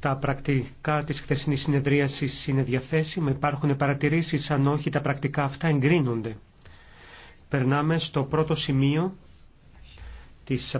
Τα πρακτικά της χθεσινής συνεδρίασης είναι διαθέσιμα, υπάρχουν παρατηρήσεις, αν όχι τα πρακτικά αυτά εγκρίνονται. Περνάμε στο πρώτο σημείο της